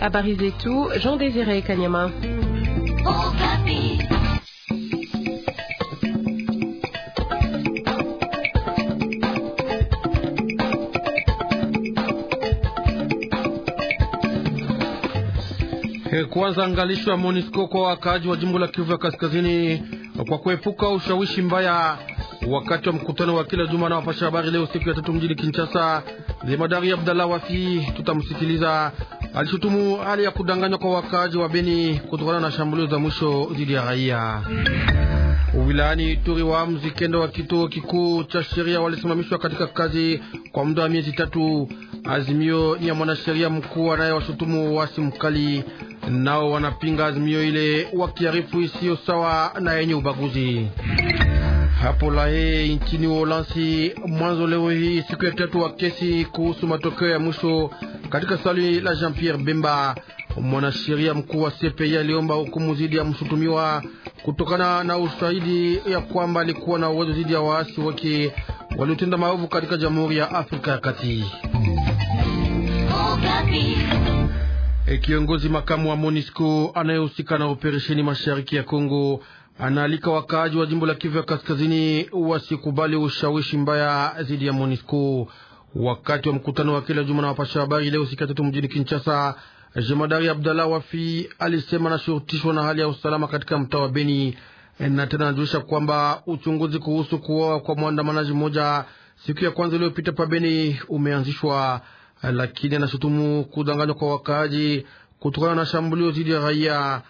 Habari zetu Jean Désiré Kanyama. Kwanza angalisho ya Monisco kwa wakaaji wa jimbo la Kivu ya Kaskazini kwa kuepuka ushawishi mbaya wakati wa mkutano wa kila juma na wapasha habari leo siku ya tatu mjini Kinshasa, Zemadari Abdallah Wasi, tutamsikiliza alishutumu hali ya kudanganywa kwa wakaaji wa Beni kutokana na shambulio za mwisho dhidi ya raia wilayani Turi. Waamuzi kendo wa kituo kikuu cha sheria walisimamishwa katika kazi kwa muda wa miezi tatu. Azimio ya mwanasheria mkuu anayewashutumu wasi mkali, nao wanapinga azimio ile wakiarifu isiyo sawa na yenye ubaguzi hapo Lae nchini Uholanzi mwanzo leo hii siku ya tatu wa kesi kuhusu matokeo ya mwisho katika swali la Jean Pierre Bemba. Mwanasheria mkuu wa CPI aliomba hukumu dhidi ya mshutumiwa kutokana na ushahidi ya kwamba alikuwa na uwezo dhidi ya waasi wake waliotenda maovu katika Jamhuri ya Afrika ya Kati. E, kiongozi makamu wa MONUSCO anayehusika na operesheni mashariki ya Kongo anaalika wakaaji wa jimbo la Kivu ya kaskazini wasikubali ushawishi mbaya dhidi ya MONUSCO. Wakati wa mkutano wa kila juma na wapasha habari leo siku ya tatu mjini Kinshasa, jemadari Abdallah Wafi alisema anashurutishwa na hali ya usalama katika mtaa wa Beni na tena anajulisha kwamba uchunguzi kuhusu kuoa kwa mwandamanaji mmoja siku ya kwanza iliyopita pa Beni umeanzishwa, lakini anashutumu kudanganywa kwa wakaaji kutokana na shambulio dhidi ya raia.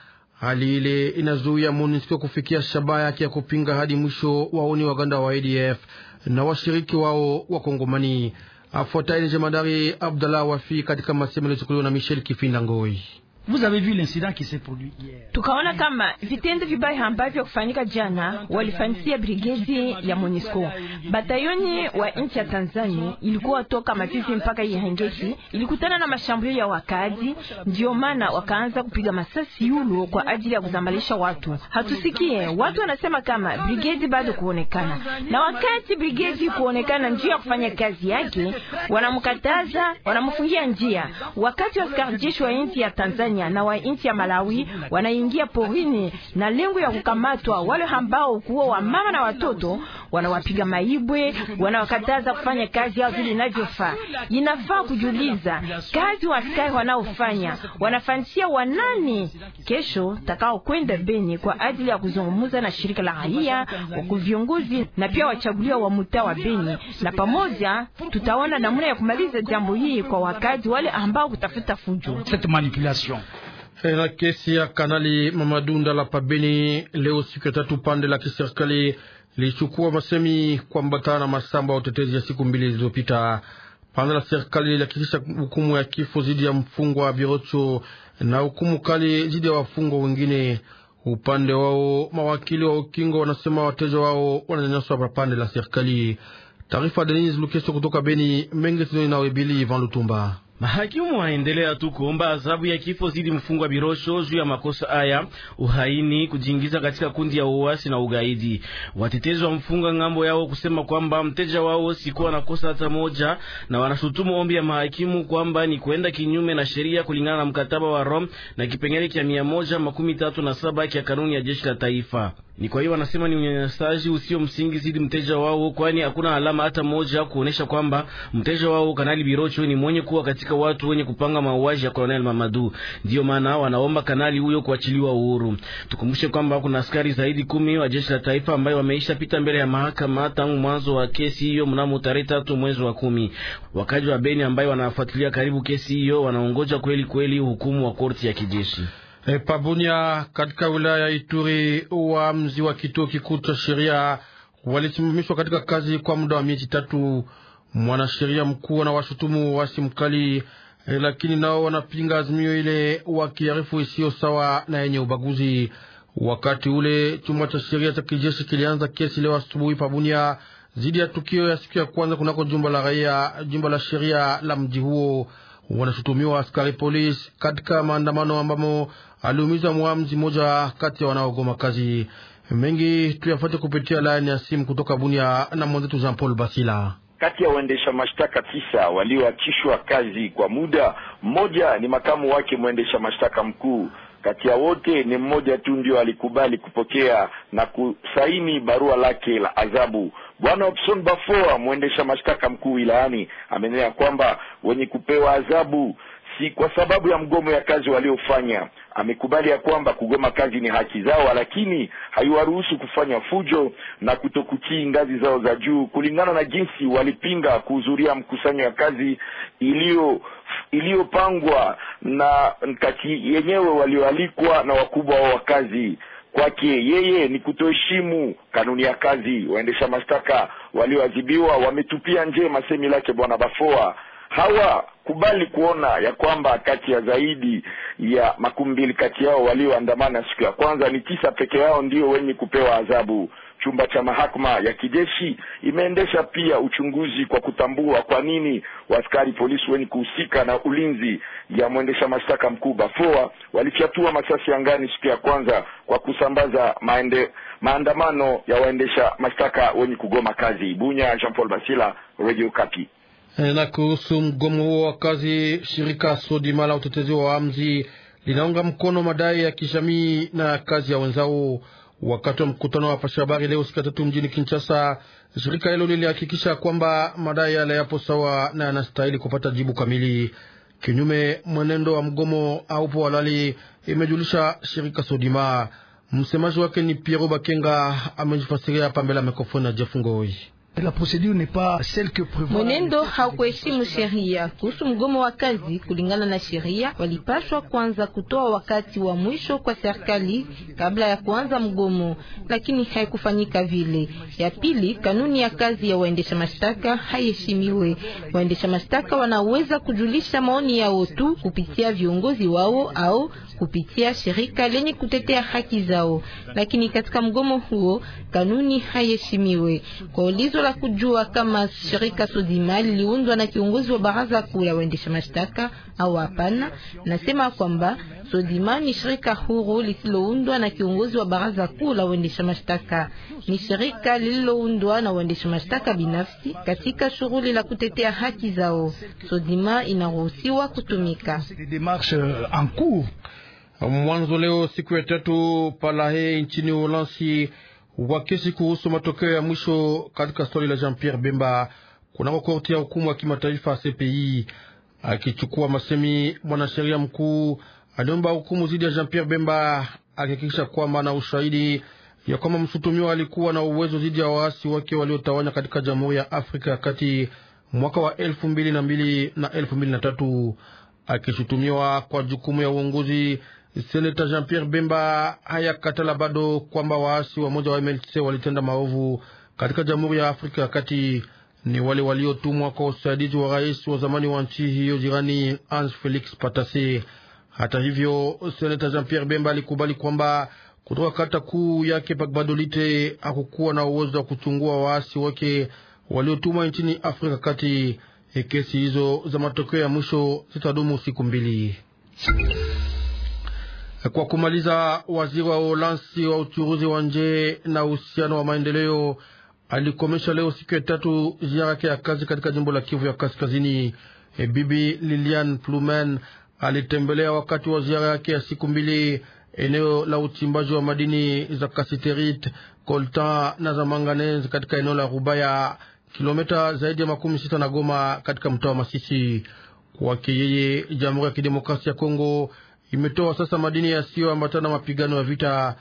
Hali ile inazuia MONUSCO kufikia shabaha yake ya kupinga hadi mwisho waoni waganda wa ADF na washiriki wao wakongomani. Afuataye ni jemadari Abdallah Wafi katika masemo yaliyochukuliwa na Michel Kifinda Ngoi. Vous avez vu l'incident qui s'est produit hier. Tukaona kama vitendo vibaya ambavyo kufanyika jana walifanyia brigedi ya Monisco. Batayoni wa nchi ya Tanzania ilikuwa toka Mafizi mpaka Ihengesi, ilikutana na mashambulio ya wakaaji, ndio maana wakaanza kupiga masasi yulo kwa ajili ya kuzambalisha watu. Hatusikie watu wanasema kama brigedi bado kuonekana, na wakati brigedi kuonekana njia ya kufanya kazi yake, wanamkataza wanamfungia njia, wakati askari jeshi wa nchi ya Tanzania Tanzania na wa nchi ya Malawi wanaingia porini na lengo ya kukamatwa wale ambao kuwa mama na watoto wanawapiga maibwe, wanawakataza kufanya kazi yao vile inavyofaa. Inafaa kujiuliza kazi wa askari wanaofanya wanafanisia wanani? Kesho takao kwenda Beni kwa ajili ya kuzungumza na shirika la raia kwa viongozi na pia wachaguliwa wa mtaa wa Beni, na pamoja tutaona namna ya kumaliza jambo hii kwa wakati wale ambao kutafuta fujo na kesi ya Kanali Mamadou Ndala Pabeni leo siku ya tatu pande la kiserikali lilichukua masemi kuambatana na masamba ya utetezi ya siku mbili zilizopita. Panza la serikali lilihakikisha hukumu ya kifo dhidi ya mfungwa Birocho na hukumu kali dhidi ya wafungwa wengine. Upande wao mawakili wa ukingo wanasema wateja wao wananyanyaswa pa pande la serikali. Taarifa Denis Lukeso kutoka Beni Mengi Sinoni na Ebili Van Lutumba. Mahakimu wanaendelea tu kuomba adhabu ya kifo zidi mfungwa Birosho juu ya makosa haya: uhaini, kujiingiza katika kundi ya uasi na ugaidi. Watetezi wa mfunga ng'ambo yao kusema kwamba mteja wao sikuwa na kosa hata moja, na wanashutumu ombi ya mahakimu kwamba ni kuenda kinyume na sheria kulingana na mkataba wa Rome na kipengele cha mia moja makumi tatu na saba ya kanuni ya jeshi la taifa. Ni kwa hiyo wanasema ni unyanyasaji usio msingi zidi mteja wao, kwani hakuna alama hata moja kuonesha kwamba mteja wao Kanali Birocho ni mwenye kuwa katika katika watu wenye kupanga mauaji ya Colonel Mamadu. Ndiyo maana wanaomba kanali huyo kuachiliwa uhuru. Tukumbushe kwamba kuna askari zaidi kumi wa jeshi la taifa ambayo wameisha pita mbele ya mahakama tangu mwanzo wa kesi hiyo mnamo tarehe tatu mwezi wa kumi. Wakaji wa Beni ambao wanafuatilia karibu kesi hiyo wanaongoja kweli kweli hukumu wa korti ya kijeshi. E, Pabunia katika wilaya ya Ituri, mzi wa kituo kikuu cha sheria walisimamishwa katika kazi kwa muda wa miezi tatu Mwanasheria mkuu anawashutumu wasi mkali, eh, lakini nao wanapinga azimio ile, wakiarifu isiyo sawa na yenye ubaguzi. Wakati ule chumba cha sheria cha kijeshi kilianza kesi leo asubuhi Pabunia dhidi ya tukio ya siku ya kwanza kunako jumba la raia, jumba la sheria la mji huo. Wanashutumiwa askari polisi katika maandamano ambamo aliumiza mwamzi mmoja kati ya wanaogoma kazi. Mengi tuyafate kupitia laini ya simu kutoka Bunia na mwenzetu Jean Paul Basila. Kati ya waendesha mashtaka tisa walioachishwa kazi kwa muda, mmoja ni makamu wake mwendesha mashtaka mkuu. Kati ya wote ni mmoja tu ndio alikubali kupokea na kusaini barua lake la adhabu. Bwana Opson Bafoa, mwendesha mashtaka mkuu wilayani, amenena kwamba wenye kupewa adhabu si kwa sababu ya mgomo ya kazi waliofanya. Amekubali ya kwamba kugoma kazi ni haki zao, lakini haiwaruhusu kufanya fujo na kutokutii ngazi zao za juu, kulingana na jinsi walipinga kuhudhuria mkusanyo ya kazi iliyo iliyopangwa na kati yenyewe walioalikwa na wakubwa wa kazi. Kwake yeye ni kutoheshimu kanuni ya kazi. Waendesha mashtaka walioadhibiwa wametupia nje masemi lake Bwana Bafoa hawakubali kuona ya kwamba kati ya zaidi ya makumi mbili kati yao walioandamana siku ya kwanza ni tisa peke yao ndio wenye kupewa adhabu. Chumba cha mahakama ya kijeshi imeendesha pia uchunguzi kwa kutambua kwa nini waskari polisi wenye kuhusika na ulinzi ya mwendesha mashtaka mkuu Bafoa walifyatua masasi angani siku ya kwanza kwa kusambaza maende, maandamano ya waendesha mashtaka wenye kugoma kazi. Bunya, Jean Paul Basila, Radio Kati. Eh, na kuhusu mgomo huo wa kazi, shirika Sodima la utetezi wa amzi linaunga mkono madai ya kijamii na kazi ya wenzao. Wakati wa mkutano wa pasha habari leo siku tatu mjini Kinshasa, shirika hilo lilihakikisha kwamba madai yale yapo sawa na yanastahili kupata jibu kamili. Kinyume mwenendo wa mgomo haupo halali, imejulisha shirika Sodima. Msemaji wake ni Piero Bakenga, amejifasiria pambela mikrofoni ya Jeff Ngoi. Mwenendo haukuheshimu sheria kuhusu mgomo wa kazi. Kulingana na sheria, walipaswa kwanza kutoa wakati wa mwisho kwa serikali kabla ya kuanza mgomo, lakini haikufanyika vile. Ya pili, kanuni ya kazi ya waendesha mashtaka haiheshimiwe. Waendesha mashtaka wanaweza kujulisha maoni yao tu kupitia viongozi wao au kupitia shirika lenye kutetea haki zao, lakini katika mgomo huo kanuni haiheshimiwe. Kwa ulizo la kujua kama shirika Sodima liundwa na kiongozi wa baraza kuu la waendesha mashtaka au hapana. Nasema kwamba Sodima ni shirika huru lisiloundwa na kiongozi wa baraza kuu la waendesha mashtaka. Ni shirika lililoundwa na waendesha mashtaka binafsi katika shughuli la kutetea haki zao. Sodima inaruhusiwa kutumika euh, mwanzo leo siku ya tatu Palahe nchini Uholanzi wakesi kuhusu matokeo ya mwisho katika swali la Jean Pierre Bemba kunako korti ya hukumu ya kimataifa CPI. Akichukua masemi, mwanasheria mkuu aliomba hukumu dhidi ya Jean Pierre Bemba akihakikisha kwamba na ushahidi ya kwamba msutumiwa alikuwa na uwezo dhidi ya waasi wake waliotawanya katika Jamhuri ya Afrika ya Kati mwaka wa elfu mbili na mbili na elfu mbili na tatu akishutumiwa kwa jukumu ya uongozi Seneta Jean-Pierre Bemba hayakatala bado kwamba waasi wa moja wa MLC walitenda maovu katika Jamhuri ya Afrika ya Kati. Ni wale waliotumwa kwa usaidizi wa rais wa zamani wa nchi hiyo jirani Hans Felix Patasse. Hata hivyo, Seneta Jean-Pierre Bemba alikubali kwamba kutoka kata kuu yake Pakbadolite hakukuwa na uwezo wa kuchungua waasi wake waliotumwa nchini Afrika Kati. Kesi hizo za matokeo ya mwisho zitadumu siku mbili. Kwa kumaliza, waziri wa Uholanzi wa uchunguzi wa nje na uhusiano wa maendeleo alikomesha leo siku ya tatu ziara yake ya kazi katika jimbo la Kivu ya Kaskazini. E, Bibi Lilian Plumen alitembelea wakati wa ziara yake ya siku mbili eneo la uchimbaji wa madini za kasiterite, coltan na za manganese katika eneo la Rubaya, kilomita zaidi ya makumi sita na Goma katika mtaa wa Masisi. Kwake yeye, Jamhuri ya Kidemokrasia ya Kongo imetoa sasa madini yasiyoambatana mapigano ya vita,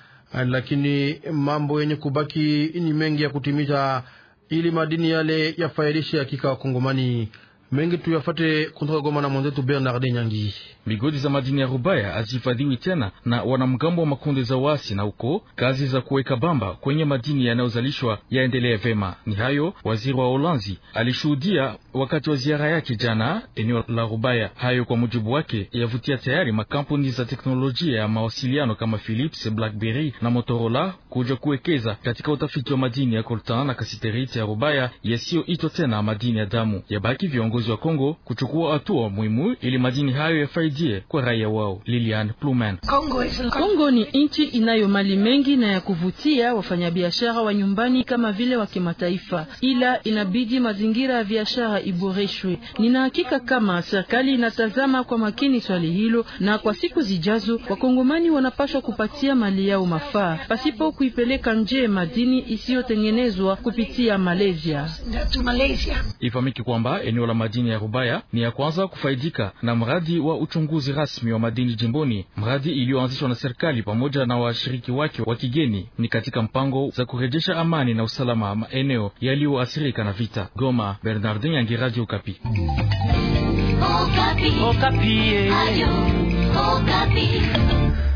lakini mambo yenye kubaki ni mengi ya kutimiza ili madini yale yafaidishe hakika Wakongomani. Mengi tuyafate kutoka Goma na mwenzetu Bernard Nyangi. Migodi za madini ya Rubaya hazihifadhiwi tena na wanamgambo wa makundi za wasi na uko kazi za kuweka bamba kwenye madini yanayozalishwa yaendelee vema. Ni hayo waziri wa holanzi alishuhudia wakati wa ziara yake jana eneo la Rubaya. Hayo kwa mujibu wake yavutia tayari makampuni za teknolojia ya mawasiliano kama Philips, BlackBerry na Motorola kuja kuwekeza katika utafiti wa madini ya coltan na kasiterite ya Rubaya yasiyoitwa tena madini ya damu. Yabaki viongozi uongozi wa Kongo kuchukua hatua muhimu ili madini hayo yafaidie kwa raia wao. Lilian Plumen: Kongo ni nchi inayo mali mengi na ya kuvutia wafanyabiashara wa nyumbani kama vile wa kimataifa, ila inabidi mazingira ya biashara iboreshwe. Nina hakika kama serikali inatazama kwa makini swali hilo, na kwa siku zijazo wakongomani wanapaswa kupatia mali yao mafaa pasipo kuipeleka nje madini isiyotengenezwa kupitia Malaysia. Ifahamiki kwamba eneo la madini ya Rubaya ni ya kwanza kufaidika na mradi wa uchunguzi rasmi wa madini jimboni, mradi iliyoanzishwa na serikali pamoja na washiriki wake wa kigeni. Ni katika mpango za kurejesha amani na usalama maeneo yaliyoathirika na vita. Goma, Bernardin Yangi, Radio Okapi. Okapi. Okapi. Eh. Ayo, Okapi.